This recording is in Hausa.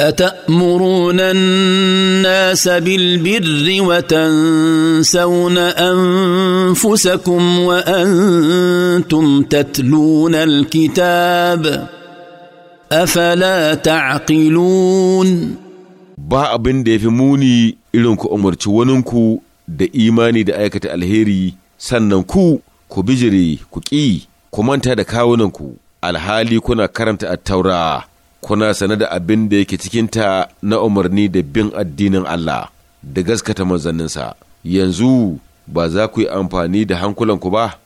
اتامرون الناس بالبر وتنسون انفسكم وانتم تتلون الكتاب افلا تعقلون ba abin da ya fi muni irin ku umarci waninku da imani da aikata alheri sannan ku ku bijire ku ƙi ku manta da kawunanku alhali kuna karanta attaura kuna sane da abin da yake ta na umarni da bin addinin Allah da gaskata manzanninsa yanzu ba za ku yi amfani da hankulanku ba